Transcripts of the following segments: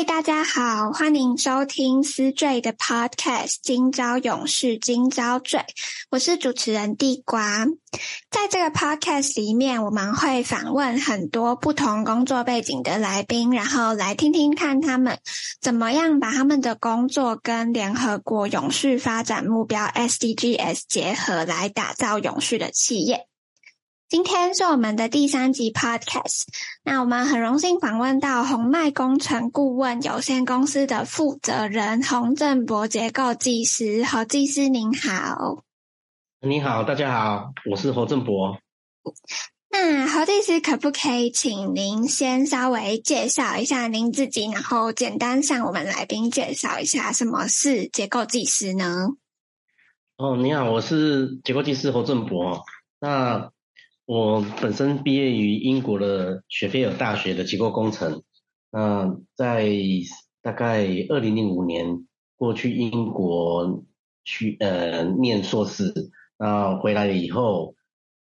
Hey, 大家好，歡迎收聽《思綴的 Podcast》。今朝永續，今朝綴。我是主持人地瓜。在這個 Podcast 裡面，我們會訪問很多不同工作背景的來賓，然後來聽聽看他們怎麼樣把他們的工作跟聯合國永續發展目標 SDGs 結合，來打造永續的企業。今天是我們的第三集 Podcast。那我們很榮幸訪問到鴻邁工程顧問有限公司的負責人侯政伯結構技師。侯技師您好，你好，大家好，我是侯政伯。那侯技師可不可以請您先稍微介紹一下您自己，然後簡單向我們來賓介紹一下什麼是結構技師呢？哦，你好，我是結構技師侯政伯。那我本身畢業於英國的雪菲爾大學的結構工程。那、呃、在大概二零零五年過去英國去呃念碩士，然後回來了以後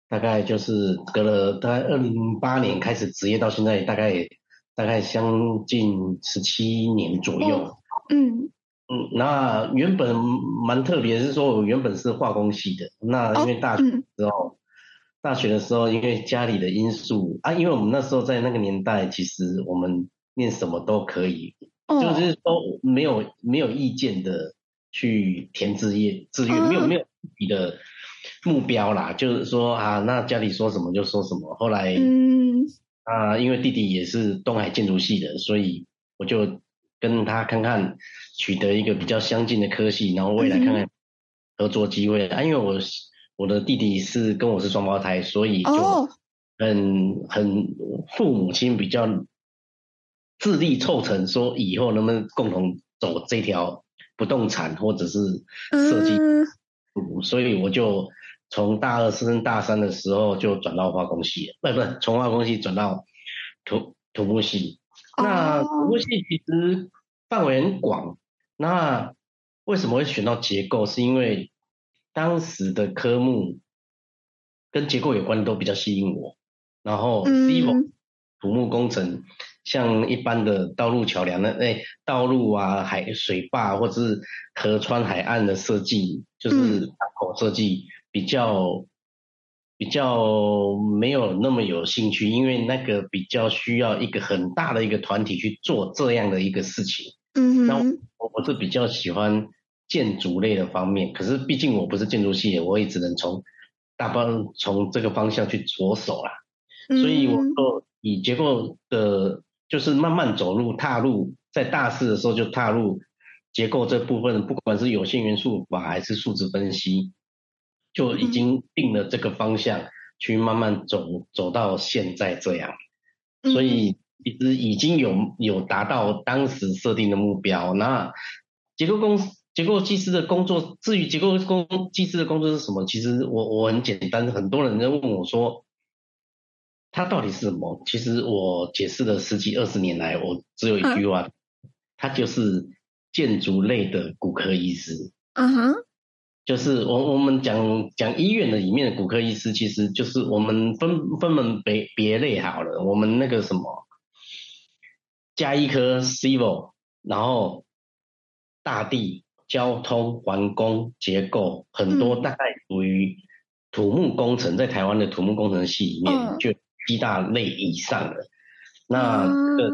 大概就是隔了大概二零零八年開始職業到現在大，大概大概將近十七年左右。嗯嗯，嗯，那原本蠻特別，是說我原本是化工系的。那因為大學之後。哦嗯大學的時候，因為家裡的因素啊，因為我們那時候在那個年代，其實我們念什麼都可以，哦、就是說沒有沒有意見的去填志願，志願沒有沒有自己的目標啦，哦、就是說啊，那家裡說什麼就說什麼。後來，嗯、啊，因為弟弟也是東海建築系的，所以我就跟他看看取得一個比較相近的科系，然後未來看看合作機會、嗯、啊，因為我。我的弟弟是跟我是雙胞胎，所以就很、oh. 很父母親比較致力促成，說以後能不能共同走這條不動產或者是設計，mm. 所以我就從大二升大三的時候就轉到化工系，不不從化工系轉到土土木系。那土木、oh. 系其實範圍很廣，那為什麼會選到結構？是因為當時的科目跟結構有關的都比較吸引我，然後 Civil 土木工程，嗯、像一般的道路橋梁的那、哎、道路啊海水壩或者是河川海岸的設計，就是港口設計、嗯、比較比較沒有那麼有興趣，因為那個比較需要一個很大的一個團體去做這樣的一個事情。嗯嗯哼。那我我是比較喜歡。建築類的方面，可是畢竟我不是建築系的，我也只能從大方從這個方向去着手啦、啊。所以，我以結構的，就是慢慢走路踏入，在大四的時候就踏入結構這部分，不管是有限元素法還是數值分析，就已經定了這個方向，去慢慢走走到現在這樣。所以，一直已經有有達到當時設定的目標。那結構公司。結構技師的工作，至於結構工技師的工作是什麼？其實我我很簡單，很多人在問我說，他到底是什麼？其實我解釋了十幾二十年來，我只有一句話，他、uh huh. 就是建築類的骨科醫師。啊、uh，huh. 就是我我們講講醫院的裡面的骨科醫師，其實就是我們分分門別別類好了，我們那個什麼，加一顆 civil 然後大地。交通、環工、結構，很多大概屬於土木工程，嗯、在台灣的土木工程系裡面就一大類以上的。嗯、那這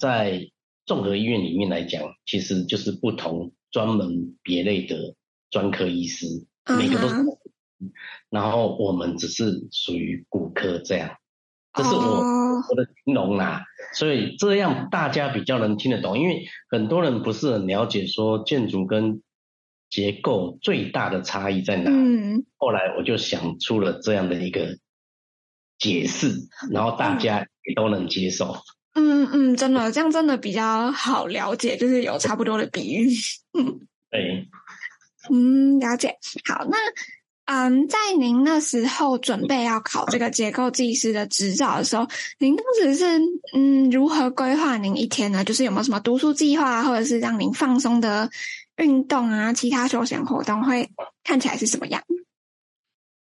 在綜合醫院裡面來講，其實就是不同專門別類的專科醫師，嗯、哼每個都是。然後我們只是屬於骨科這樣，這是我。我的龍啊，所以這樣大家比較能聽得懂，因為很多人不是很了解說建築跟結構最大的差異在哪。嗯，後來我就想出了這樣的一個解釋，然後大家也都能接受。嗯嗯，嗯，真的這樣真的比較好了解，就是有差不多的比喻。嗯，對嗯，了解。好，那。嗯，um, 在您那時候準備要考這個結構技師的執照的時候，您當時是嗯如何規劃您一天呢？就是有沒有什麼讀書計劃啊，或者是讓您放鬆的運動啊，其他休閒活動會看起來是什麼樣？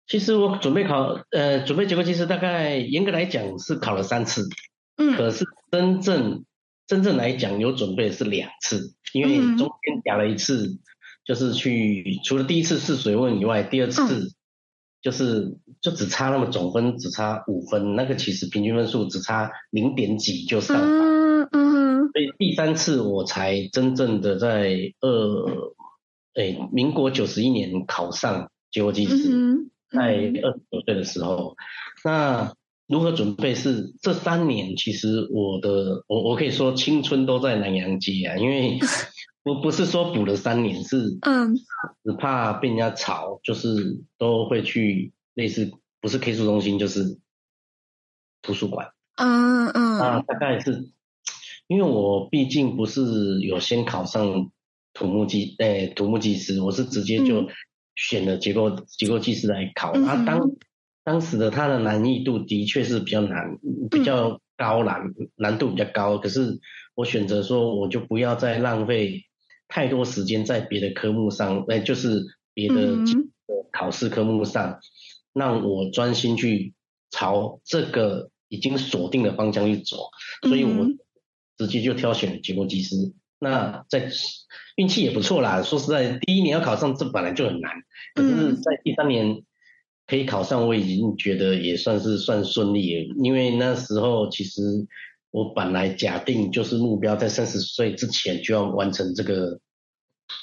其實我準備考呃，準備結構技師，大概嚴格來講是考了三次，嗯，可是真正真正來講有準備是兩次，因為、嗯欸、中間講了一次。就是去除了第一次試水溫以外，第二次就是、嗯、就只差那麼總分只差五分，那個其實平均分數只差零點幾就上了嗯，嗯所以第三次我才真正的在二哎民國九十一年考上結構技師，嗯嗯、在二十九歲的時候，那如何準備是這三年其實我的我我可以說青春都在南陽街啊，因為，嗯我不是說補了三年，是嗯，只怕被人家吵，嗯、就是都會去類似不是 K 書中心，就是圖書館、嗯，嗯嗯嗯，啊，大概是因為我畢竟不是有先考上土木技誒、欸、土木技師，我是直接就選了結構、嗯、結構技師來考。嗯、啊當當時的它的難易度的確是比較難，比較高難、嗯、難度比較高，可是我選擇說我就不要再浪費。太多時間在別的科目上，呃、就是別的,的考試科目上，嗯、讓我專心去朝這個已經鎖定的方向去走，所以我直接就挑選了結構技師。嗯、那在運氣也不錯啦，說實在，第一年要考上這本來就很難，可是在第三年可以考上，我已經覺得也算是算順利了，因為那時候其實。我本來假定就是目標，在三十歲之前就要完成這個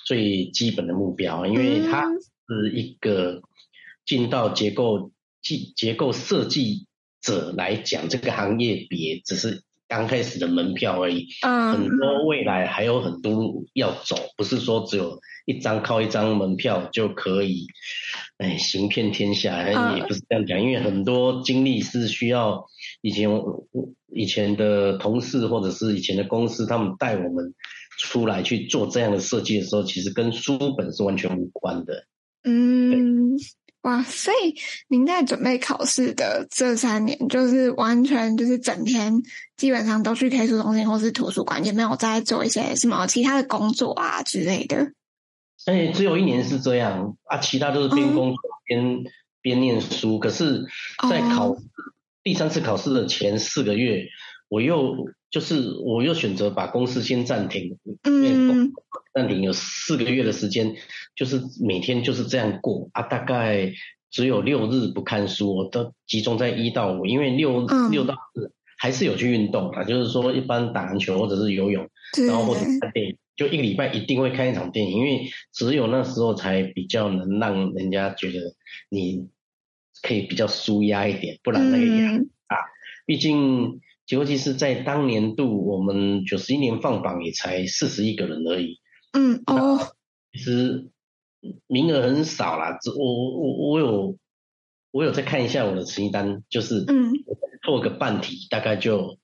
最基本的目標，因為它是一個進到結構、結構設計者來講，這個行業別只是。剛開始的門票而已，um, 很多未來還有很多路要走，不是說只有一張靠一張門票就可以，哎，行遍天下也不是這樣講，um, 因為很多經歷是需要以前以前的同事或者是以前的公司他們帶我們出來去做這樣的設計的時候，其實跟書本是完全無關的，嗯。哇塞，所以您在準備考試的這三年，就是完全就是整天基本上都去 K 書中心或是圖書館，也沒有在做一些什麼其他的工作啊之類的。而且、欸、只有一年是這樣、嗯、啊，其他都是邊工作邊邊、嗯、念書。可是，在考、哦、第三次考試的前四個月。我又就是，我又選擇把公司先暫停，嗯，暫停有四個月的時間，就是每天就是這樣過啊，大概只有六日不看書，我都集中在一到五，因為六六到四還是有去運動啊，嗯、就是說一般打籃球或者是游泳，對然後或者看電影，就一個禮拜一定會看一場電影，因為只有那時候才比較能讓人家覺得你可以比較舒壓一點，不然那個壓、嗯、啊，畢竟。結果其實，在當年度，我們九十一年放榜也才四十一個人而已。嗯哦，其實名額很少啦。只我我我有，我有再看一下我的成績單，就是嗯，做個半題，嗯、大概就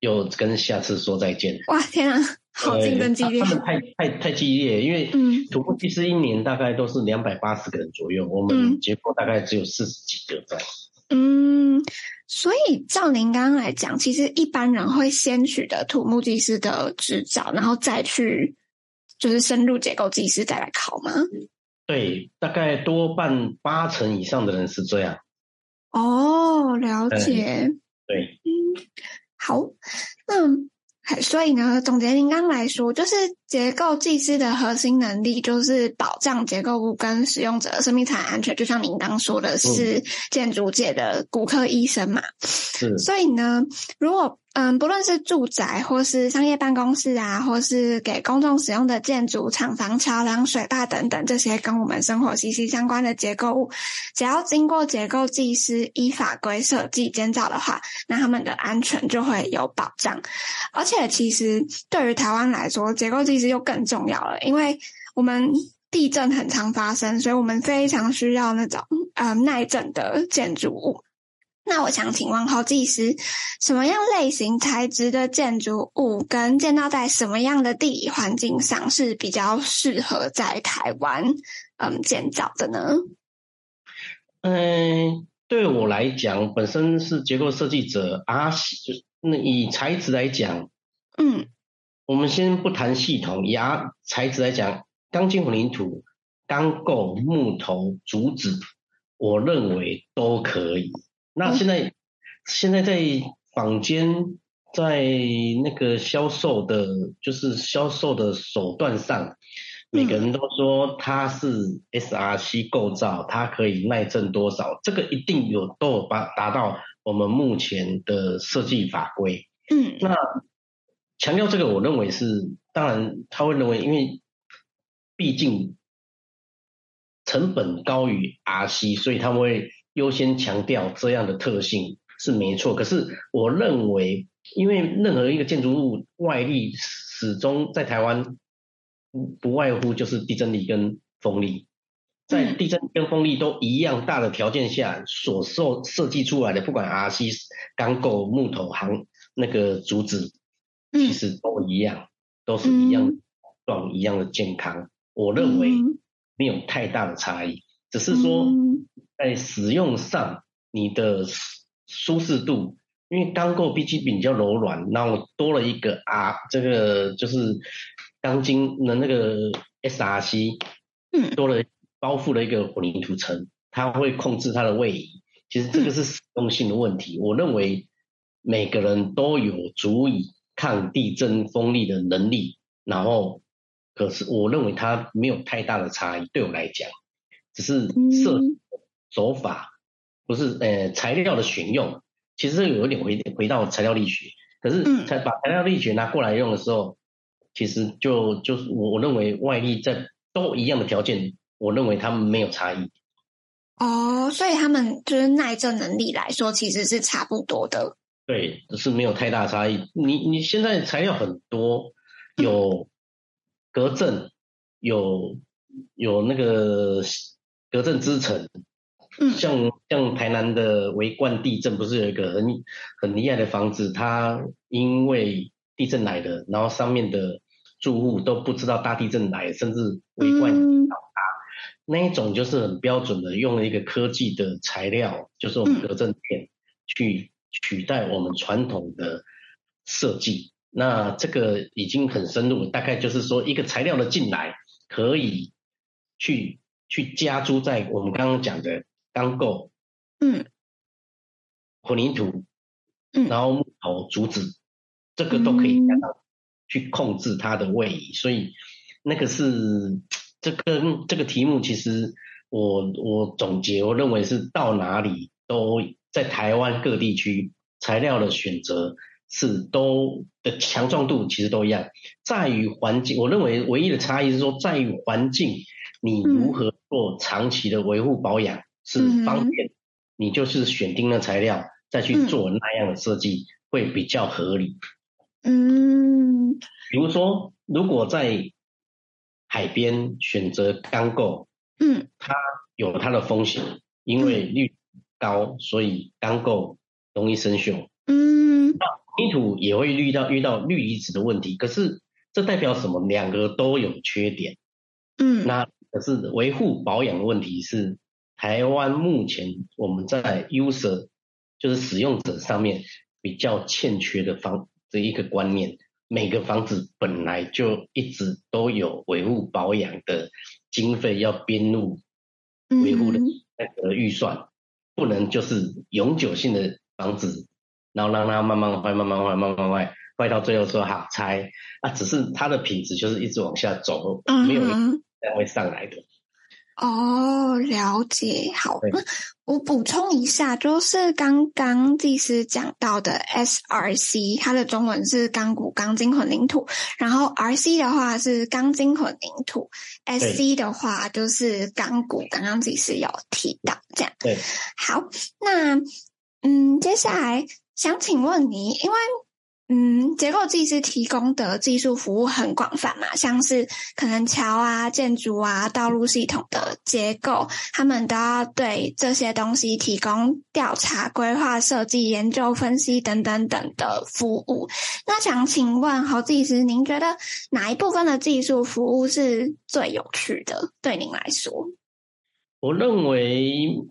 又跟下次說再見。哇天啊，好競爭激烈，呃、太太太激烈，因為嗯，土木其實一年大概都是兩百八十個人左右，我們結果大概只有四十幾個在。嗯嗯，所以照您剛剛來講，其實一般人會先取得土木技師的執照，然後再去就是深入結構技師再來考嗎？對，大概多半八成以上的人是這樣。哦，了解。嗯，對。嗯，好，那所以呢，總結您剛剛來說就是。結構技師的核心能力就是保障結構物跟使用者的生命財產安全，就像您剛說的是建築界的骨科醫生嘛。是、嗯。所以呢，如果嗯不論是住宅或是商業辦公室啊，或是給公眾使用的建築廠房、橋梁、水壩等等，這些跟我們生活息息相關的結構物，只要經過結構技師依法規設計建造的話，那他們的安全就會有保障。而且其實對於台灣來說，結構技師其實就更重要了，因為我們地震很常發生，所以我們非常需要那種呃耐震的建築物。那我想請問侯技師，什麼樣類型材質的建築物跟建造在什麼樣的地理環境上是比較適合在台灣嗯建造的呢？嗯、欸，對我來講，本身是結構設計者啊，就那以材質來講，嗯。我們先不談系統，牙、啊、材質來講，鋼筋混凝土、鋼構、木頭、竹子，我認為都可以。那現在，嗯、現在在坊間，在那個銷售的，就是銷售的手段上，每個人都說它是 SRC 構造，它可以耐震多少，這個一定有都達到我們目前的設計法規。嗯，那。強調這個，我認為是當然，他會認為，因為畢竟成本高於 RC，所以他們會優先強調這樣的特性是沒錯。可是我認為，因為任何一個建築物外力始終在台灣不外乎就是地震力跟風力，在地震力跟風力都一樣大的條件下所受設計出來的，不管 RC、鋼構、木頭、行，那個竹子。其實都一樣，都是一樣狀、嗯、一樣的健康。我認為沒有太大的差異，只是說在使用上、嗯、你的舒適度，因為鋼構畢竟比較柔軟，然後多了一個啊，這個就是鋼筋的那個 SRC，嗯，多了包覆了一個混凝土層，它會控制它的位移。其實這個是使用性的問題。我認為每個人都有足以。抗地震風力的能力，然後可是我認為它沒有太大的差異。對我來講，只是設手法、嗯、不是呃材料的選用，其實這有一點回回到材料力學。可是才把材料力學拿過來用的時候，嗯、其實就就是我我認為外力在都一樣的條件，我認為他們沒有差異。哦，所以他們就是耐震能力來說，其實是差不多的。對，就是沒有太大差異。你你現在材料很多，有隔震，有有那個隔震支撐。像像台南的維冠地震，不是有一個很很厲害的房子？它因為地震來的，然後上面的住戶都不知道大地震來，甚至維冠倒塌。嗯、那一種就是很標準的，用了一個科技的材料，就是我們隔震片、嗯、去。取代我們傳統的設計，那這個已經很深入。大概就是說，一個材料的進來，可以去去加諸在我們剛剛講的鋼構，嗯，混凝土，然後木頭、嗯、竹子，這個都可以加到去控制它的位移。所以那個是這個這個題目，其實我我總結，我認為是到哪裡都。在台灣各地區材料的選擇是都的強壯度其實都一樣，在於環境。我認為唯一的差異是說，在於環境，你如何做長期的維護保養、嗯、是方便。你就是選定了材料，嗯、再去做那樣的設計、嗯、會比較合理。嗯，比如說，如果在海邊選擇鋼構，嗯，它有它的風險，因為綠。高，所以鋼構容易生銹。嗯，那泥土也會遇到遇到氯離子的問題。可是這代表什麼？兩個都有缺點。嗯，那可是維護保養的問題是台灣目前我們在 user 就是使用者上面比較欠缺的方這一個觀念。每個房子本來就一直都有維護保養的經費要編入維護的那個預算。嗯不能就是永久性的房子，然後讓它慢慢壞、慢慢壞、慢慢壞，壞到最後說好拆啊，只是它的品質就是一直往下走，uh huh. 沒有再會上來的。哦，了解，好。那對我補充一下，就是剛剛技師講到的 SRC，它的中文是鋼骨鋼筋混凝土，然後 RC 的話是鋼筋混凝土，SC 的話就是鋼骨。對剛剛技師有提到這樣，對好，那嗯，接下來想請問你，因為。嗯，結構技師提供的技術服務很廣泛嘛，像是可能橋啊、建築啊、道路系統的結構，他們都要對這些東西提供調查、規劃、設計、研究、分析等，等等等的服務。那想請問，侯技師，您覺得哪一部分的技術服務是最有趣的？對您來說，我認為，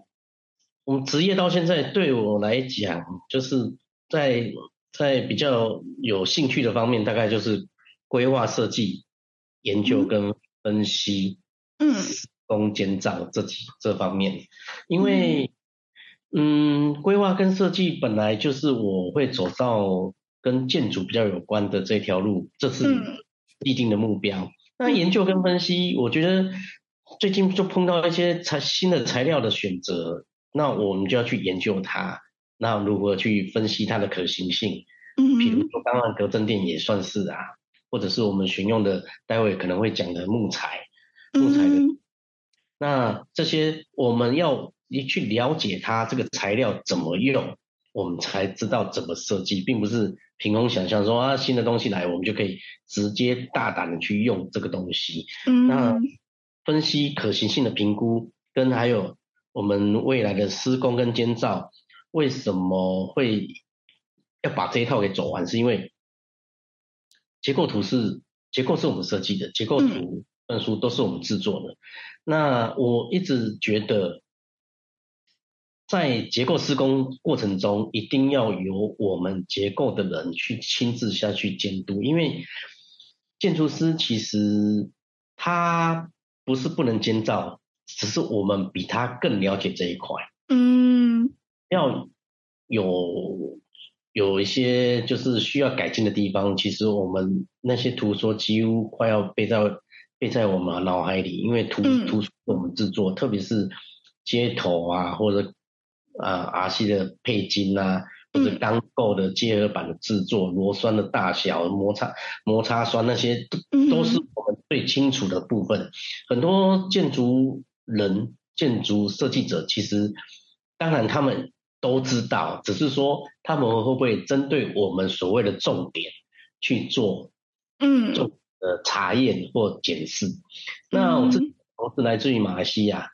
我職業到現在對我來講，就是在。在比較有興趣的方面，大概就是規劃設計、研究跟分析，嗯、施工監造這幾這方面。因為，嗯，規劃跟設計本來就是我會走到跟建築比較有關的這條路，這是既定的目標。嗯、那研究跟分析，我覺得最近就碰到一些材新的材料的選擇，那我們就要去研究它。那如何去分析它的可行性？嗯，譬如說，剛剛隔震墊，也算是啊。嗯嗯，或者是我們選用的，待會可能會講的木材，木材的。嗯嗯，那這些我們要一去了解它這個材料怎麼用，我們才知道怎麼設計，並不是憑空想象說啊，新的東西來，我們就可以直接大膽的去用這個東西。嗯，那分析可行性的評估，跟還有我們未來的施工跟建造。為什麼會要把這一套給走完？是因為結構圖是結構是我們設計的，結構圖本書都是我們製作的。嗯、那我一直覺得，在結構施工過程中，一定要由我們結構的人去親自下去監督，因為建築師其實他不是不能監造，只是我們比他更了解這一塊。嗯。要有有一些就是需要改進的地方。其實我們那些圖說幾乎快要背在背在我們腦海裡，因為圖圖書我們製作，嗯、特別是接頭啊，或者啊、呃、R C 的配筋啊，或者鋼構的接合板的製作，嗯、螺栓的大小、摩擦摩擦栓那些都，都是我們最清楚的部分。嗯、很多建築人、建築設計者，其實當然他們。都知道，只是說他們會不會針對我們所謂的重點去做，嗯，重點的查驗或檢視。那我這、嗯、來自於馬來西亞，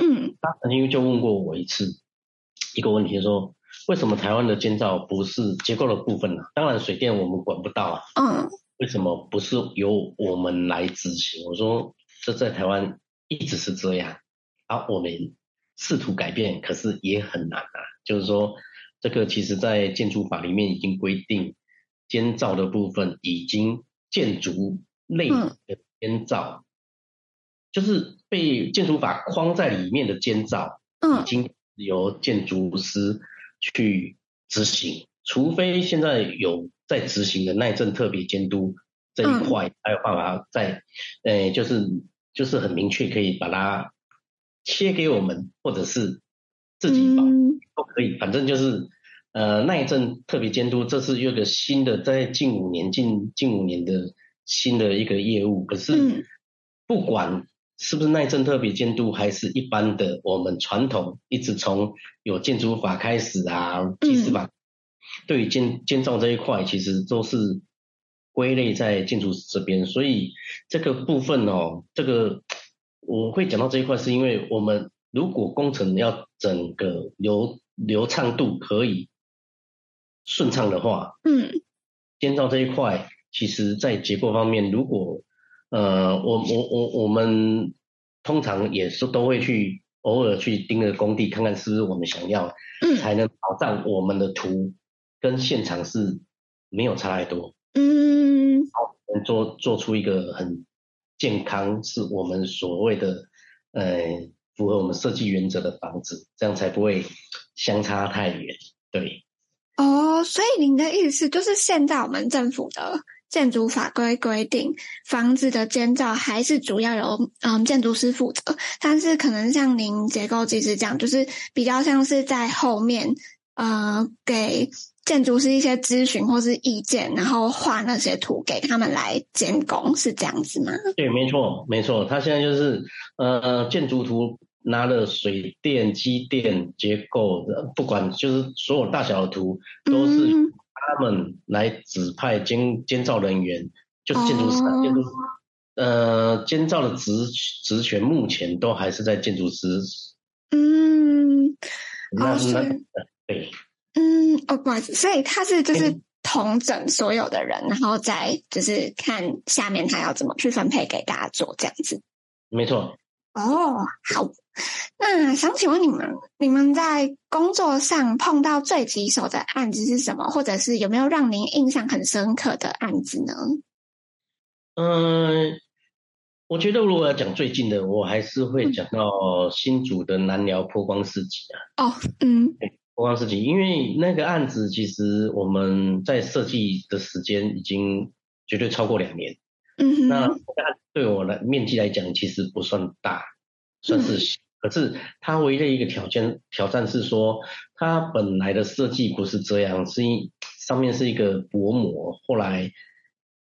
嗯，他曾經就問過我一次，嗯、一個問題說，為什麼台灣的監造不是結構的部分呢、啊？當然水電我們管不到啊，嗯，為什麼不是由我們來執行？我說這在台灣一直是這樣，啊，我們。試圖改變，可是也很難啊。就是說，這個其實在建築法裡面已經規定，監造的部分已經建築類的監造，嗯、就是被建築法框在裡面的監造，已經由建築師去執行。除非現在有在執行的耐震特別監督這一塊，還有辦法在、呃，就是就是很明確可以把它。切給我們，或者是自己保，嗯、都可以，反正就是呃耐震特別監督，這是一個新的，在近五年、近近五年的新的一個業務。可是不管是不是耐震特別監督，還是一般的，我們傳統一直從有建築法開始啊，其實吧，嗯、對於建建造這一塊，其實都是歸類在建築師這邊，所以這個部分哦，這個。我會講到這一塊，是因為我們如果工程要整個流流暢度可以順暢的話，嗯，建造這一塊，其實在結構方面，如果呃，我我我我們通常也是都會去偶爾去盯着工地，看看是不是我們想要，才能保障我們的圖跟現場是沒有差太多，嗯好，能做做出一個很。健康是我們所謂的，呃、嗯，符合我們設計原則的房子，這樣才不會相差太遠，對。哦，所以您的意思就是現在我們政府的建築法規規定，房子的建造還是主要由嗯建築師負責，但是可能像您結構技師講，就是比較像是在後面，呃，給。建築師一些諮詢或是意見，然後畫那些圖給他們來監工，是這樣子嗎？對，沒錯，沒錯。他現在就是，呃，建築圖拿了水電、機電、結構，呃、不管就是所有大小的圖，都是他們來指派監監造人員，就是建築師，嗯、建築師呃，監造的職職權目前都還是在建築師。嗯，哦、那是那對。哦，不好意思，所以他是就是統整所有的人，嗯、然後再就是看下面他要怎麼去分配給大家做這樣子。沒錯錯。哦，好，那想請問你們，你們在工作上碰到最棘手的案子是什麼？或者是有沒有讓您印象很深刻的案子呢？嗯、呃，我覺得如果要講最近的，我還是會講到新竹的南寮波光市集啊。嗯、哦，嗯。波光市集，因為那個案子其實我們在設計的時間已經絕對超過兩年。嗯哼。那對我來面積來講，其實不算大，算是小。嗯、可是它唯一的一個挑戰挑戰是說，它本來的設計不是這樣，是因，上面是一個薄膜，後來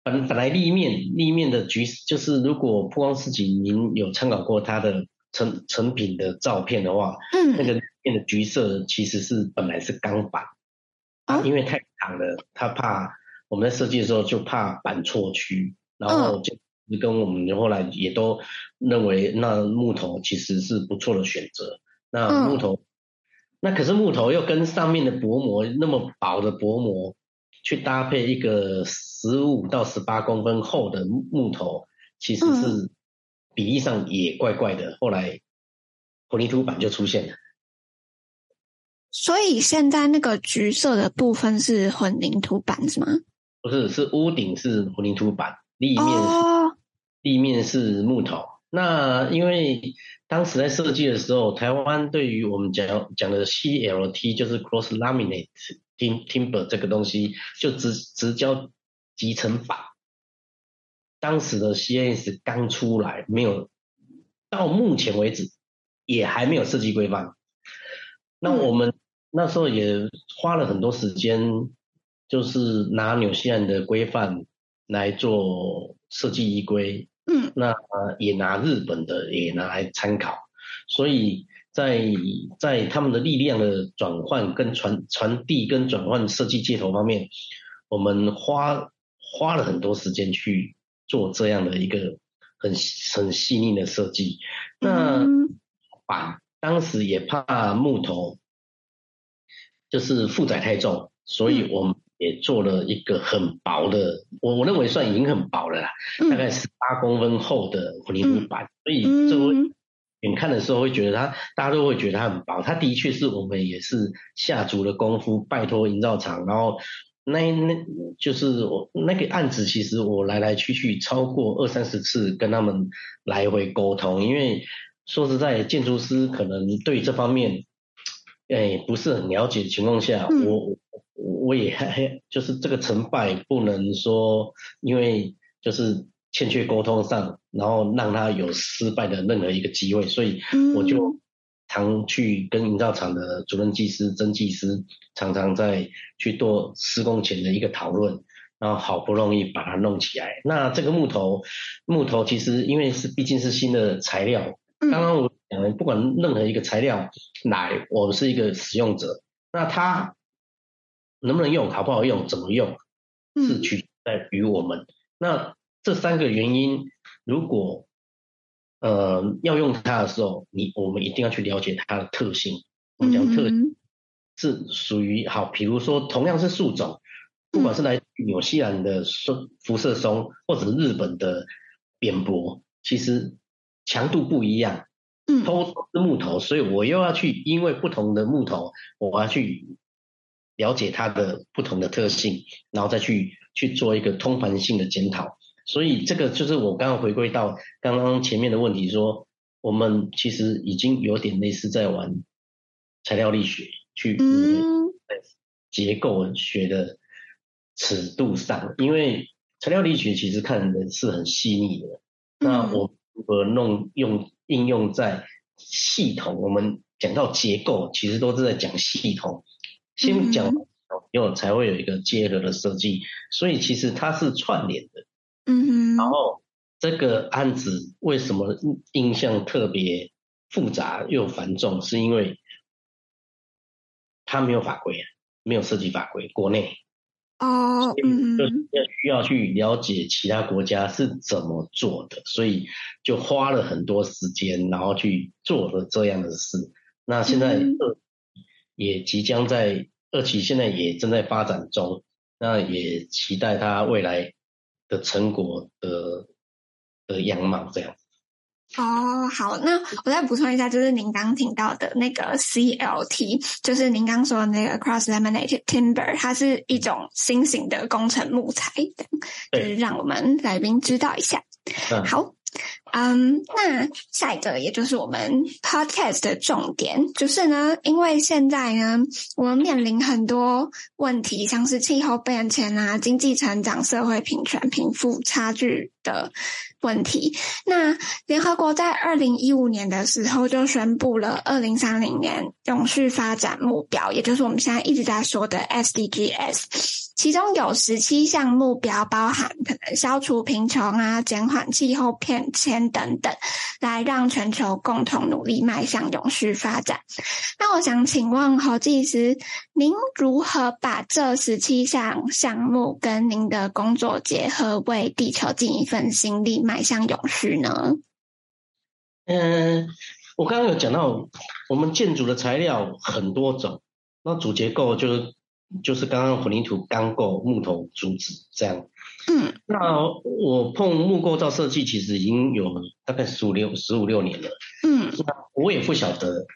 本本來立面立面的局勢，就是，如果波光市集，您有參考過它的。成成品的照片的話，嗯，那個裡面的橘色其實是本來是鋼板、嗯啊、因為太長了，他怕我們在設計的時候就怕板錯區，然後就跟我們後來也都認為那木頭其實是不錯的選擇，那木頭，嗯、那可是木頭又跟上面的薄膜那麼薄的薄膜去搭配一個十五到十八公分厚的木頭，其實是、嗯。比例上也怪怪的，後來混凝土板就出現了。所以現在那個橘色的部分是混凝土板是嗎？不是，是屋頂是混凝土板，立面是、哦、立面是木頭。那因為當時在設計的時候，台灣對於我們講講的 CLT 就是 Cross Laminated Timber 這個東西，就直直交集成板。當時的 CNS 剛出來，沒有到目前為止也還沒有設計規範。那我們那時候也花了很多時間，就是拿紐西蘭的規範來做設計依規，嗯，那也拿日本的也拿來參考。所以在在他們的力量的轉換跟傳傳遞跟轉換設計接頭方面，我們花花了很多時間去。做這樣的一個很很細膩的設計，那板、嗯啊、當時也怕木頭就是負載太重，所以我們也做了一個很薄的，我、嗯、我認為算已經很薄了啦，嗯、大概十八公分厚的混凝土板，嗯、所以就遠、嗯、看的時候會覺得它，大家都會覺得它很薄，它的確是我們也是下足了功夫，拜托營造廠，然後。那那就是我那個案子，其實我來來去去超過二三十次跟他們來回溝通，因為說實在，建築師可能對這方面，欸，不是很了解的情況下，我我也還就是這個成敗不能說，因為就是欠缺溝通上，然後讓他有失敗的任何一個機會，所以我就。常去跟營造廠的主任技師、曾技師常常在去做施工前的一個討論，然後好不容易把它弄起來。那這個木頭，木頭其實因為是畢竟是新的材料，剛剛、嗯、我講了不管任何一個材料來，我們是一個使用者，那它能不能用，好不好用，怎麼用，是取決於我們。嗯、那這三個原因，如果。呃，要用它的時候，你我們一定要去了解它的特性。嗯、我們講特性是屬於好，比如說同樣是樹種，不管是來紐西蘭的松、輻射松，或者是日本的扁柏，其實強度不一樣。嗯，都是木頭，所以我又要去，因為不同的木頭，我要去了解它的不同的特性，然後再去去做一個通盤性的檢討。所以這個就是我剛剛回歸到剛剛前面的問題，說我們其實已經有點類似在玩材料力學去嗯，結構學的尺度上，因為材料力學其實看的是很細膩的。那我如果弄用應用在系統，我們講到結構其實都是在講系統，先講因為才會有一個結合的設計，所以其實它是串聯的。嗯哼，然後這個案子為什麼印象特別複雜又繁重？是因為它沒有法規啊，沒有設計法規，國內哦，嗯，就需要去了解其他國家是怎麼做的，所以就花了很多時間，然後去做了這樣的事。那現在也即將在、嗯、哼二期，現在也正在發展中，那也期待它未來。的成果的的樣貌這樣哦，oh, 好，那我再補充一下，就是您剛聽到的那個 CLT，就是您剛說的那個 Cross Laminated Timber，它是一種新型的工程木材，對對就是讓我們來賓知道一下。嗯，好。嗯，um, 那下一個也就是我們 podcast 的重點，就是呢，因為現在呢，我們面臨很多問題，像是氣候變遷啊、經濟成長、社會平權、貧富差距的問題。那聯合國在二零一五年的時候就宣布了二零三零年永續發展目標，也就是我們現在一直在說的 SDGs。其中有十七項目標，包含可能消除貧窮啊、減緩氣候變遷等等，來讓全球共同努力邁向永續發展。那我想請問侯技師，您如何把這十七項項目跟您的工作結合，為地球盡一份心力，邁向永續呢？嗯、呃，我剛剛有講到，我們建築的材料很多種，那主結構就是。就是剛剛混凝土、鋼構、木頭、竹子這樣。嗯。那我碰木構造設計，其實已經有大概十五六十五六年了。嗯。那我也不曉得，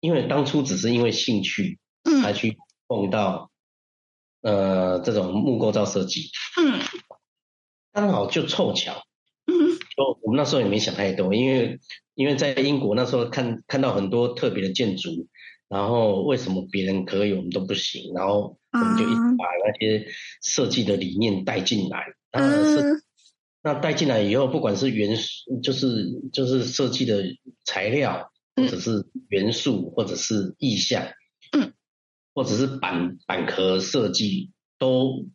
因為當初只是因為興趣才去碰到、嗯、呃這種木構造設計。嗯。剛好就湊巧。嗯。就我們那時候也沒想太多，因為因為在英國那時候看看到很多特別的建築。然後為什麼別人可以，我們都不行？然後我們就一直把那些設計的理念帶進來。Uh, 那是，那帶進來以後，不管是原，就是就是設計的材料，或者是元素，嗯、或者是意象，或者是板板殼設計，都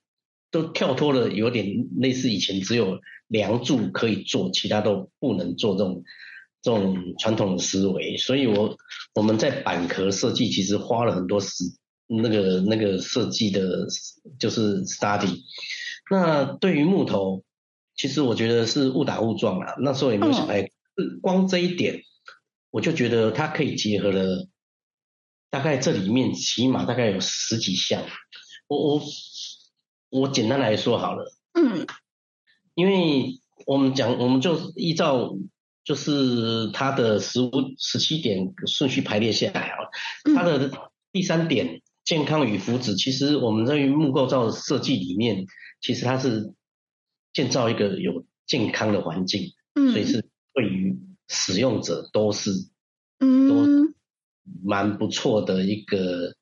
都跳脫了，有點類似以前只有梁柱可以做，其他都不能做這種。這種傳統的思維，所以我我們在板殼設計其實花了很多時，那個那個設計的，就是 study。那對於木頭，其實我覺得是誤打誤撞啦，那時候也沒有想太多。嗯，光這一點，我就覺得它可以結合了，大概這裡面起碼大概有十幾項。我我我簡單來說好了，嗯，因為我們講，我們就依照。就是它的十五、十七點順序排列下來啊，哦，它的第三點，嗯、健康與福祉，其實我們在木構造設計裡面，其實它是建造一個有健康的環境，嗯、所以是對於使用者都是都蠻不錯的一個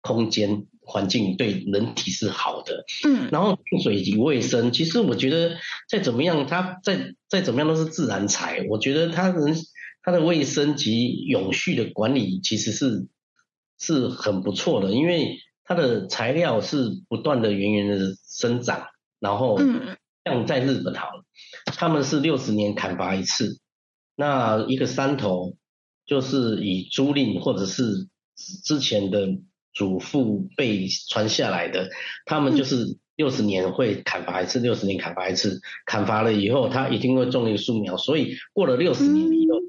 空間。環境對人體是好的，嗯，然後水及衛生，其實我覺得再怎麼樣，它再再怎麼樣都是自然材。我覺得它人，它的衛生及永續的管理其實是是很不錯的，因為它的材料是不斷的源源的生長。然後，像在日本好，好他們是六十年砍伐一次，那一個山頭就是以租賃或者是之前的。祖父輩傳下來的，他們就是六十年會砍伐一次，六十、嗯、年砍伐一次，砍伐了以後，他一定會種一個樹苗，所以過了六十年以後、嗯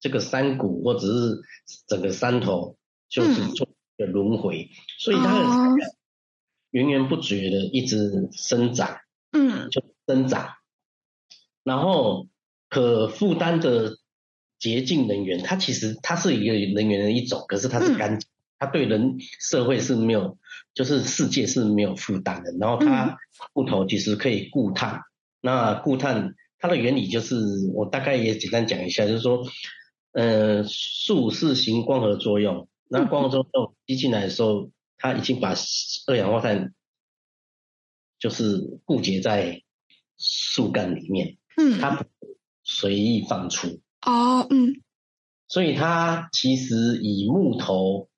這個，這個山谷或者是整個山頭就是種一個輪迴，嗯、所以它、哦、源源不絕的一直生長，嗯，就生長，然後可負擔的潔淨能源，它其實它是一個能源的一種，可是它是乾淨。嗯它對人、社會是沒有，就是世界是沒有負擔的。然後，它木頭其實可以固碳。嗯、那固碳它的原理就是，我大概也簡單講一下，就是說，嗯、呃，樹是行光合作用。那光合作用吸進來的時候，嗯、它已經把二氧化碳就是固結在樹幹裡面，嗯、它不隨意放出。哦，嗯。所以它其實以木頭。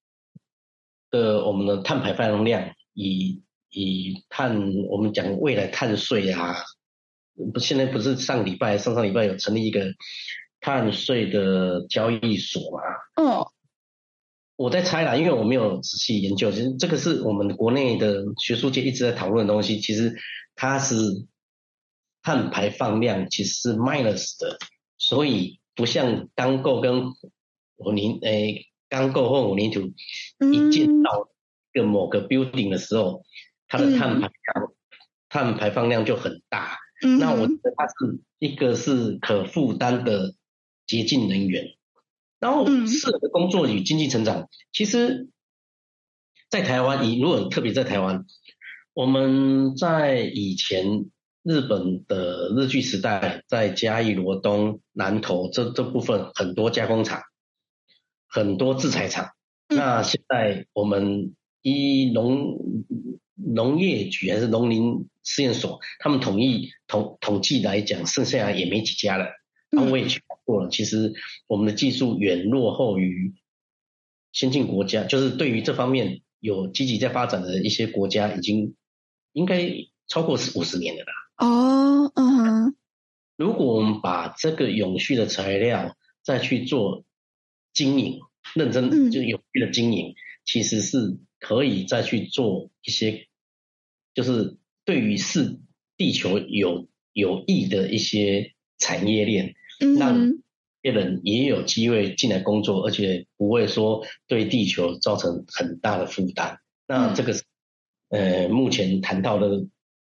呃，我們的碳排放量以，以以碳，我們講未來碳稅啊，不，現在不是上禮拜、上上禮拜有成立一個碳稅的交易所嘛？哦。Oh. 我在猜啦，因為我沒有仔細研究。其實這個是我們國內的學術界一直在討論的東西。其實它是碳排放量其實是 minus 的，所以不像當購跟我您誒。欸鋼骨混凝土就一見到一個某個 building 的時候，嗯嗯、它的碳排量碳排放量就很大。嗯、那我覺得它是一個是可負擔的潔淨能源，然後適合的工作與經濟成長。嗯、其實，在台灣以，如果特別在台灣，我們在以前日本的日據時代，在嘉義羅東、南投這這部分很多加工廠。很多製材廠，嗯、那現在我們一農農業局還是農林試驗所，他們統一統統計來講，剩下也沒幾家了。那我也去過了，嗯、其實我們的技術遠落後於先進國家，就是對於這方面有積極在發展的一些國家，已經應該超過四五十年了吧？哦，嗯哼。如果我們把這個永續的材料再去做。經營認真，就有序的經營，嗯、其實是可以再去做一些，就是對於是地球有有益的一些產業鏈，讓別人也有機會進來工作，而且不會說對地球造成很大的負擔。嗯、那這個是呃，目前談到的，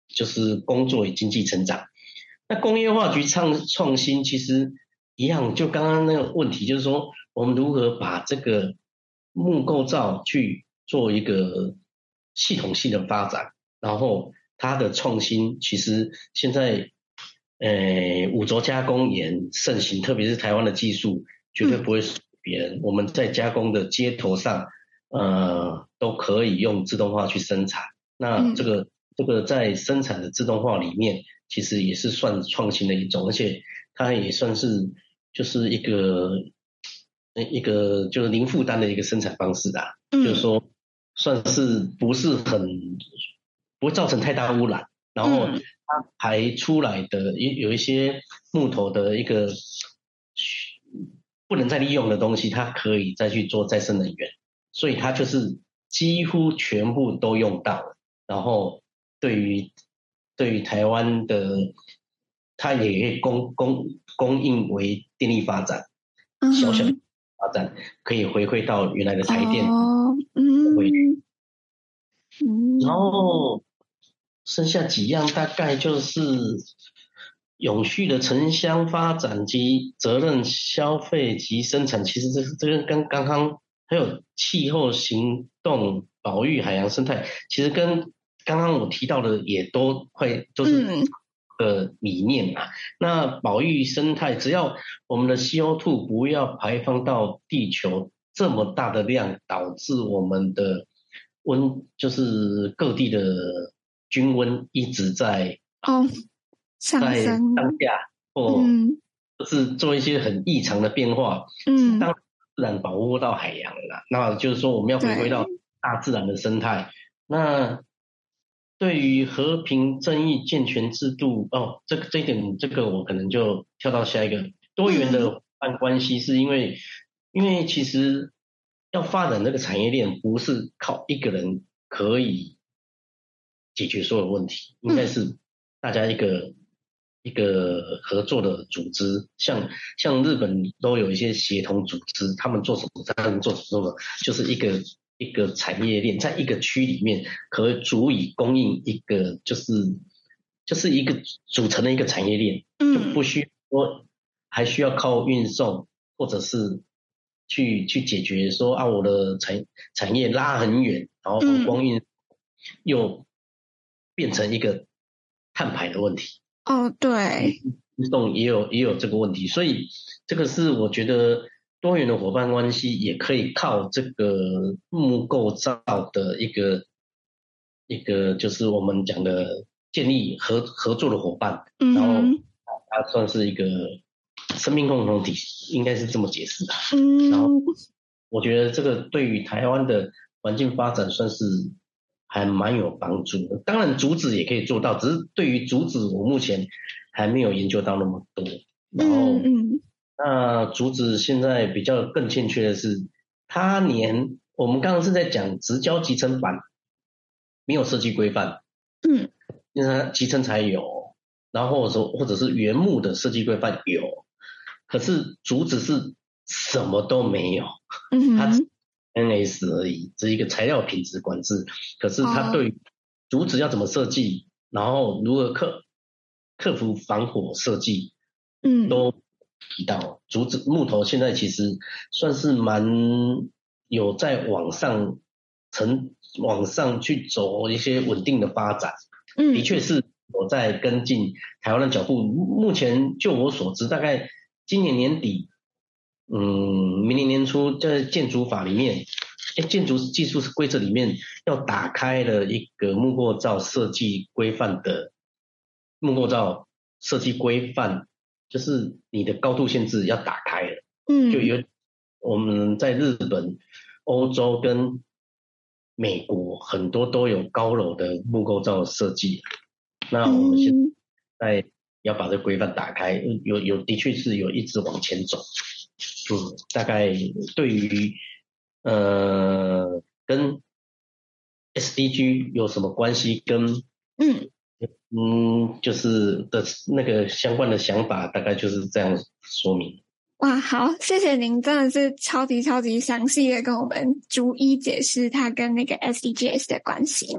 就是工作與經濟成長。那工業化局創創新其實一樣，就剛剛那個問題，就是說。我們如何把這個木構造去做一個系統性的發展？然後它的創新，其實現在，呃，五軸加工也盛行，特別是台灣的技術絕對不會輸別人。嗯、我們在加工的接頭上，呃，都可以用自動化去生產。那這個、嗯、這個在生產的自動化裡面，其實也是算創新的一種，而且它也算是就是一個。那一個就是零負擔的一個生產方式的，啊，就是說，算，是不是很不會造成太大污染，然後它排出來的有有一些木頭的一個不能再利用的東西，它可以再去做再生能源，所以它就是幾乎全部都用到了。然後對於對於台灣的，它也可供供供應為電力發展，小小。可以回饋到原來的台電、哦，回、嗯、饋，嗯、然後剩下幾樣，大概就是永續的城鄉發展及責任消費及生產。其實這這個跟剛剛還有氣候行動、保育海洋生態，其實跟剛剛我提到的也都會都是、嗯。的理念啊，那保育生態，只要我們的 CO2 不要排放到地球這麼大的量，導致我們的溫，就是各地的均溫一直在哦上升，在當下或是做一些很異常的變化，嗯，當然自然保護到海洋了，那就是說我們要回歸到大自然的生態，對那。對於和平、正義、健全制度，哦，這個這一點，這個我可能就跳到下一個多元的夥伴關係，是因為，因為其實要發展這個產業鏈，不是靠一個人可以解決所有問題，應該是大家一個、嗯、一個合作的組織，像像日本都有一些協同組織，他們做什麼，他們做什麼就是一個。一個產業鏈，在一個區裡面，可以足以供應一個，就是，就是一個組成的一個產業鏈，嗯、就不需要說還需要靠運送，或者是去去解決說啊，我的產產業拉很遠，然後光運、嗯、又變成一個碳排的問題。哦，對，運送也有也有這個問題，所以這個是我覺得。多元的夥伴關係也可以靠這個木構造的一個一個，就是我們講的建立合合作的夥伴，嗯、然後它算是一個生命共同體，應該是這麼解釋的。嗯、然後我覺得這個對於台灣的環境發展算是還蠻有幫助的。當然竹子也可以做到，只是對於竹子，我目前還沒有研究到那麼多。然後。嗯嗯那竹子現在比較更欠缺的是，它連我們剛剛是在講直交集成板沒有設計規範，嗯，因為它集成材有，然後或者說或者是原木的設計規範有，可是竹子是什麼都沒有，嗯哼，它只是，NS 而已，只是一個材料品質管制，可是它對竹子要怎麼設計，哦、然後如何克克服防火設計，嗯，都。提到竹子木頭，現在其實算是蠻有在往上、成往上去走一些穩定的發展。嗯，的確是我在跟進台灣的腳步。目前就我所知，大概今年年底，嗯，明年年初，在建築法裡面，哎，建築技術規則裡面要打開了一個木構造設計規範的木構造設計規範。就是你的高度限制要打開了，嗯，就有我們在日本、歐洲跟美國很多都有高樓的木構造設計，那我們現在要把這規範打開，有有，有的確是有一直往前走，嗯，大概對於呃跟 SDGs 有什麼關係？跟嗯。嗯，就是的那個相關的想法，大概就是這樣說明。哇，好，謝謝您，真的是超級超級詳細的跟我們逐一解釋它跟那個 SDGs 的關係。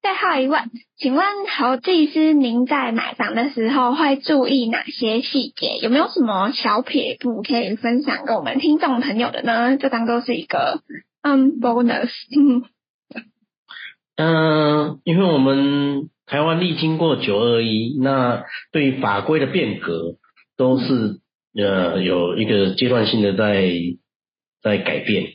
再下一問，請問侯技師，您在買房的時候會注意哪些細節？有沒有什麼小撇步可以分享給我們聽眾朋友的呢？就當作是一個嗯 bonus。嗯，嗯 呃，因為我們。台灣歷經過九二一，那對於法規的變革都是呃有一個階段性的在在改變。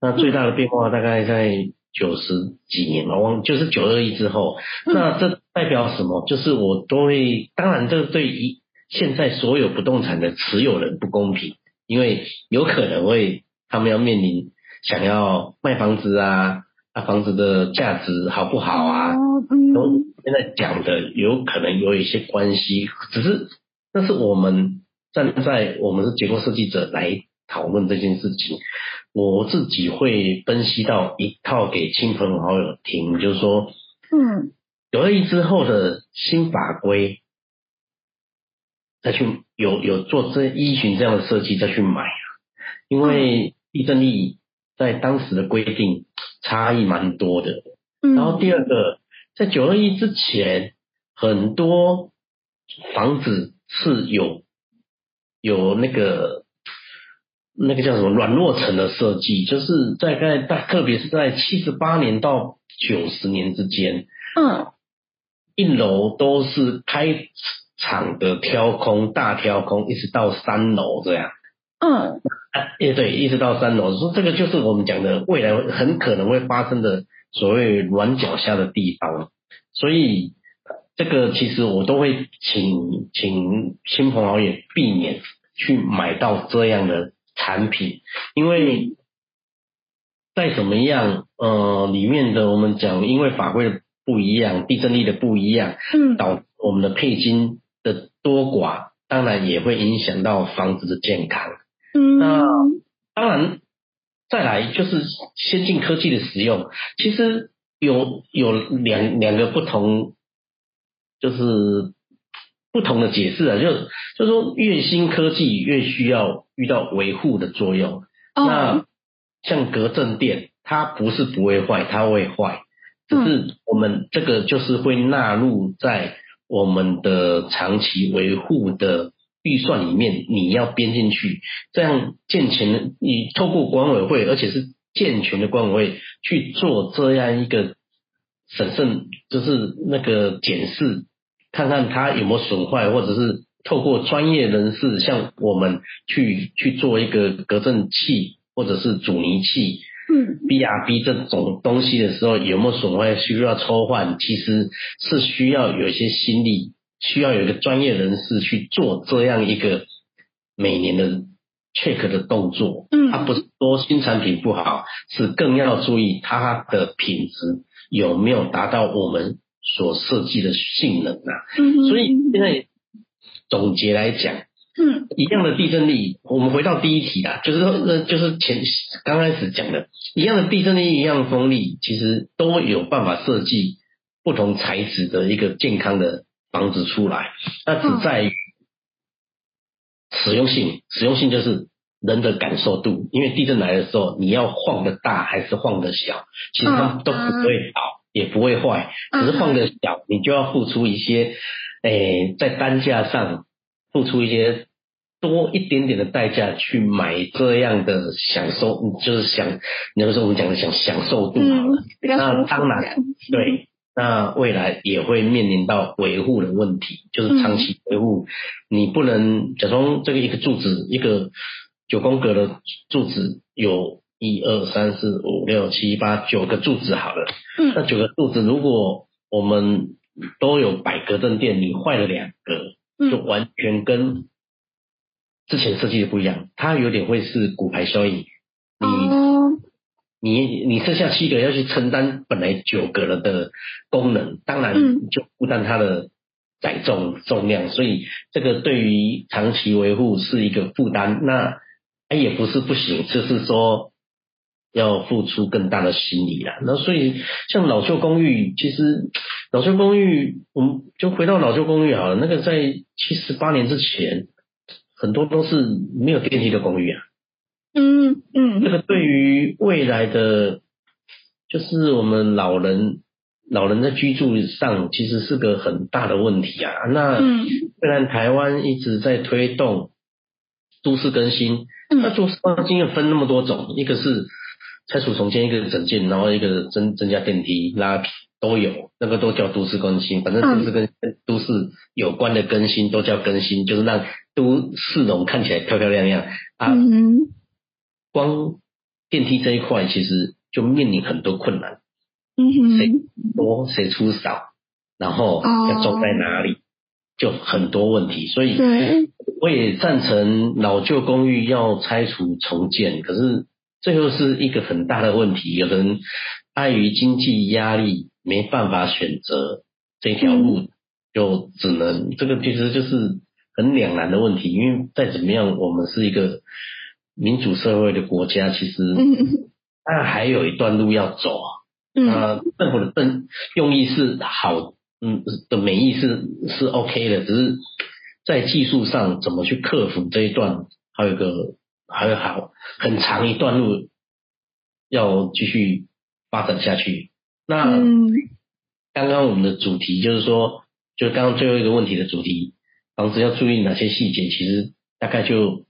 那最大的變化大概在九十幾年吧，忘就是九二一之後。那這代表什麼？就是我都會，當然這對於現在所有不動產的持有人不公平，因為有可能會他們要面臨想要賣房子啊，那房子的價值好不好啊？嗯。現在講的有可能有一些關係，只是但是我們站在我們是結構設計者來討論這件事情。我自己會分析到一套給親朋好友聽，就是說，嗯，九二一之後的新法規再去有有做這依循這樣的設計再去買，因為地震力在當時的規定差異蠻多的。然後第二個。在九二一之前，很多房子是有有那個那個叫什麼軟弱層的設計，就是在在大，特別是在七十八年到九十年之間，嗯，一樓都是開敞的挑空，大挑空一直到三樓這樣，嗯，哎，對，一直到三樓，說這個就是我們講的未來很可能會發生的。所謂軟腳下的地方，所以這個其實我都會請請親朋好友避免去買到這樣的產品，因為再怎麼樣，呃，裡面的我們講，因為法規的不一樣，地震力的不一樣，嗯導，導我們的配筋的多寡，當然也會影響到房子的健康，嗯那，那當然。再來就是先進科技的使用，其實有有兩兩個不同，就是不同的解釋啊，就就說越新科技越需要遇到維護的作用，oh. 那像隔震墊它不是不會壞，它會壞，只是我們這個就是會納入在我們的長期維護的。預算裡面你要編進去，這樣健全你透過管委會，而且是健全的管委會去做這樣一個審慎，就是那個檢視，看看它有沒有損壞，或者是透過專業人士像我們去去做一個隔震器或者是阻尼器，嗯，BRB 這種東西的時候有沒有損壞，需要抽換，其實是需要有一些心力。需要有一個專業人士去做這樣一個每年的 check 的動作。嗯，他不是說新產品不好，是更要注意它的品質有沒有達到我們所設計的性能啊。嗯，所以現在總結來講，嗯，一樣的地震力，我們回到第一題啦，就是說，那就是前，剛開始講的，一樣的地震力，一樣的風力，其實都有辦法設計不同材質的一個健康的。房子出來，那只在於使用性。使用性就是人的感受度。因為地震來的時候，你要晃的大還是晃的小，其實它都不會好，嗯、也不會壞。只是晃的小，你就要付出一些，誒、嗯欸，在單價上付出一些多一點點的代價，去買這樣的享受，就是想，比如說我們講的想享受度好了。嗯、好那當然，對。那未來也會面臨到維護的問題，就是長期維護。嗯、你不能假裝這個一個柱子，一個九宮格的柱子有一二三四五六七八九個柱子，好了。嗯、那九個柱子，如果我們都有擺隔震墊，你壞了兩個，就完全跟之前設計的不一樣，它有點會是骨牌效應。你、哦。你你剩下七個要去承擔本來九個人的、的功能，當然就負擔它的載重重量，嗯、所以這個對於長期維護是一個負擔。那哎也不是不行，就是說要付出更大的心力啦，那所以像老舊公寓，其實老舊公寓，我們就回到老舊公寓好了。那個在78年之前，很多都是沒有電梯的公寓啊。嗯嗯，嗯，這個對於未來的，就是我們老人老人的居住上，其實是個很大的問題啊。那嗯，雖然台灣一直在推動都市更新，那都市更新又分那麼多種，嗯、一個是拆除重建，一個整建，然後一個增增加電梯拉皮都有，那個都叫都市更新。反正都市跟都市有關的更新都叫更新，嗯、就是讓都市容看起來漂漂亮亮啊。嗯嗯光電梯這一塊，其實就面臨很多困難。嗯哼。誰多誰出少，然後要裝在哪裡，就很多問題。所以，我也贊成老舊公寓要拆除重建，可是最後是一個很大的問題。有人礙於經濟壓力，沒辦法選擇這條路，就只能這個，其實就是很兩難的問題。因為再怎麼樣，我們是一個。民主社會的國家，其實當然，嗯、還有一段路要走啊。那政府的政用意是好，嗯的美意是是 OK 的，只是在技術上怎麼去克服這一段，還有一個還有好很長一段路要繼續發展下去。那、嗯、剛剛我們的主題就是說，就剛剛最後一個問題的主題，買房要注意哪些細節？其實大概就。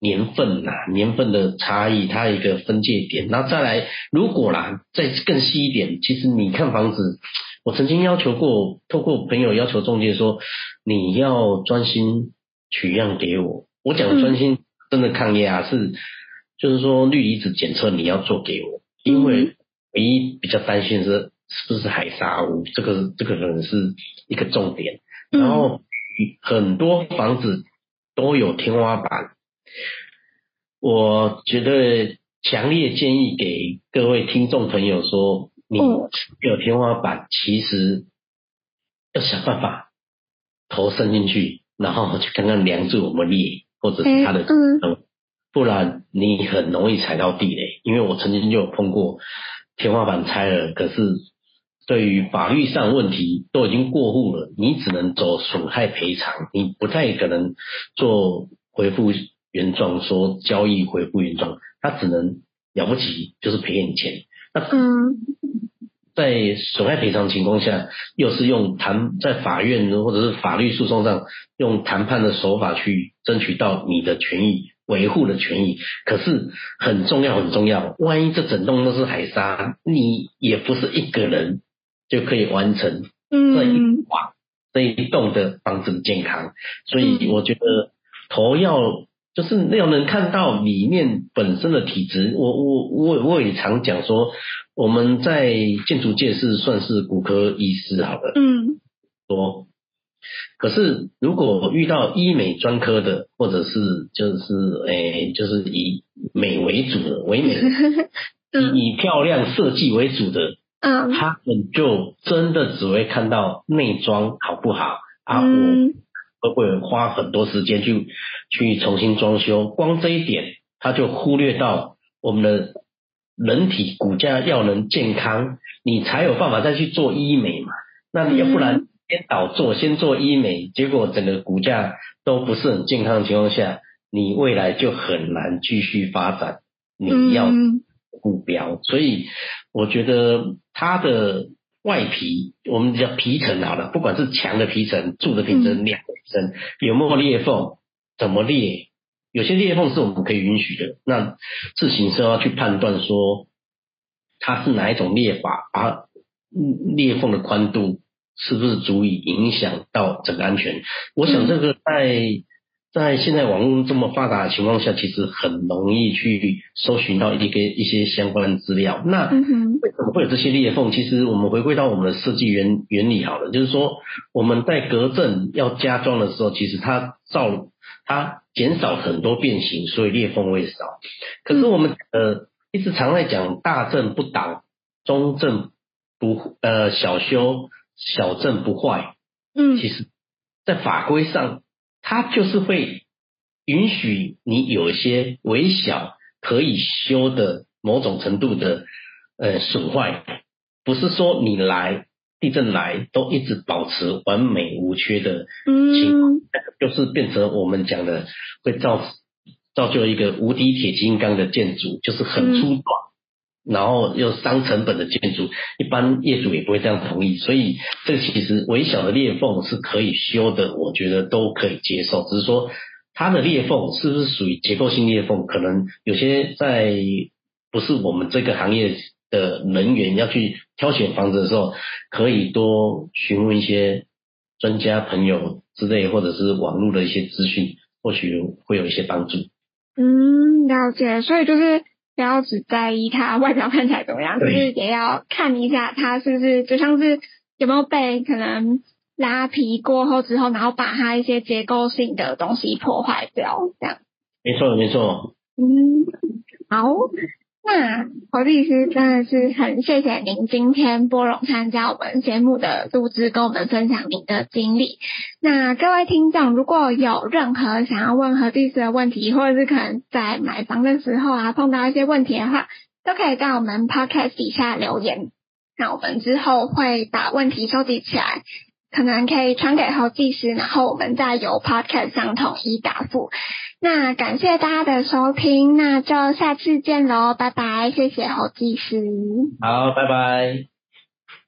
年份吶，年份的差異，它一個分界點。然後再來，如果啦，再更細一點，其實你看房子，我曾經要求過，透過朋友要求中介說，你要專心取樣給我。我講專心，真的抗壓啊，嗯、是就是說氯離子檢測你要做給我，因為唯一比較擔心的是是不是海沙屋，這個這個可能是一個重點。嗯、然後很多房子都有天花板。我覺得強烈建議給各位聽眾朋友說，你有天花板，其實要想辦法頭伸進去，然後去看看樑柱我們裂，或者是它的嗯，不然你很容易踩到地雷。因為我曾經就有碰過天花板拆了，可是對於法律上問題都已經過戶了，你只能走損害賠償，你不太可能做回復。原狀說交易，回復原狀，他只能了不起就是賠你錢。那在損害賠償情況下，又是用談，在法院或者是法律訴訟上，用談判的手法去爭取到你的權益，維護的權益。可是很重要很重要，萬一這整棟都是海沙，你也不是一個人就可以完成這一幢、這一棟的房子的健康。所以我覺得頭要。就是沒有能看到裡面本身的體質，我我我我也常講說，我們在建築界是算是骨科醫師好的，好了，嗯，說，可是如果遇到醫美專科的，或者是就是誒、欸，就是以美為主的，為美，以、 嗯、以漂亮設計為主的，嗯，他們就真的只會看到內裝好不好啊？我、嗯。都會花很多時間去去重新裝修，光這一點他就忽略到我們的人體骨架要能健康，你才有辦法再去做醫美嘛。那你要不然先倒做，嗯、先做醫美，結果整個骨架都不是很健康的情況下，你未來就很難繼續發展，你要目標。所以我覺得他的。外皮，我們叫皮層好了，不管是牆的皮層、柱的皮層、梁的皮層，有沒有裂縫？怎麼裂？有些裂縫是我們可以允許的。那自行車要去判斷說，它是哪一種裂法啊？裂縫的寬度是不是足以影響到整個安全？我想這個在。在現在網絡這麼發達的情況下，其實很容易去搜尋到一些一些相關資料。那為什麼會有這些裂縫？其實我們回歸到我們的設計原原理好了，就是說我們在隔震要加裝的時候，其實它造它減少很多變形，所以裂縫會少。可是我們、嗯、呃一直常在講大震不倒，中震不呃小修，小震不壞。嗯，其實在法規上。它就是會允許你有一些微小可以修的某種程度的呃損壞，不是說你來地震來都一直保持完美無缺的，嗯，情況，就是變成我們講的會造造就一個無敵鐵金剛的建築，就是很粗獷，然後又傷成本的建築，一般業主也不會這樣同意，所以這其實微小的裂縫是可以修的，我覺得都可以接受。只是說它的裂縫是不是屬於結構性裂縫，可能有些在不是我們這個行業的人員要去挑選房子的時候，可以多詢問一些專家朋友之類，或者是網絡的一些資訊，或許會有一些幫助。嗯，了解。所以就是。不要只在意它外表看起來怎麼樣，就是也要看一下它是不是，就像是有沒有被可能拉皮過後之後，然後把它一些結構性的東西破壞掉，這樣。沒錯，沒錯。嗯，好。那侯技師真的是很謝謝您今天撥冗參加我們節目的錄制，跟我們分享您的經歷。那各位聽眾如果有任何想要問侯技師的問題，或者是可能在買房的時候啊碰到一些問題的話，都可以在我們 podcast 底下留言。那我們之後會把問題收集起來，可能可以傳給侯技師，然後我們再由 podcast 上統一答覆。那感謝大家的收聽，那就下次見嘍，拜拜，謝謝侯技師。好，拜拜。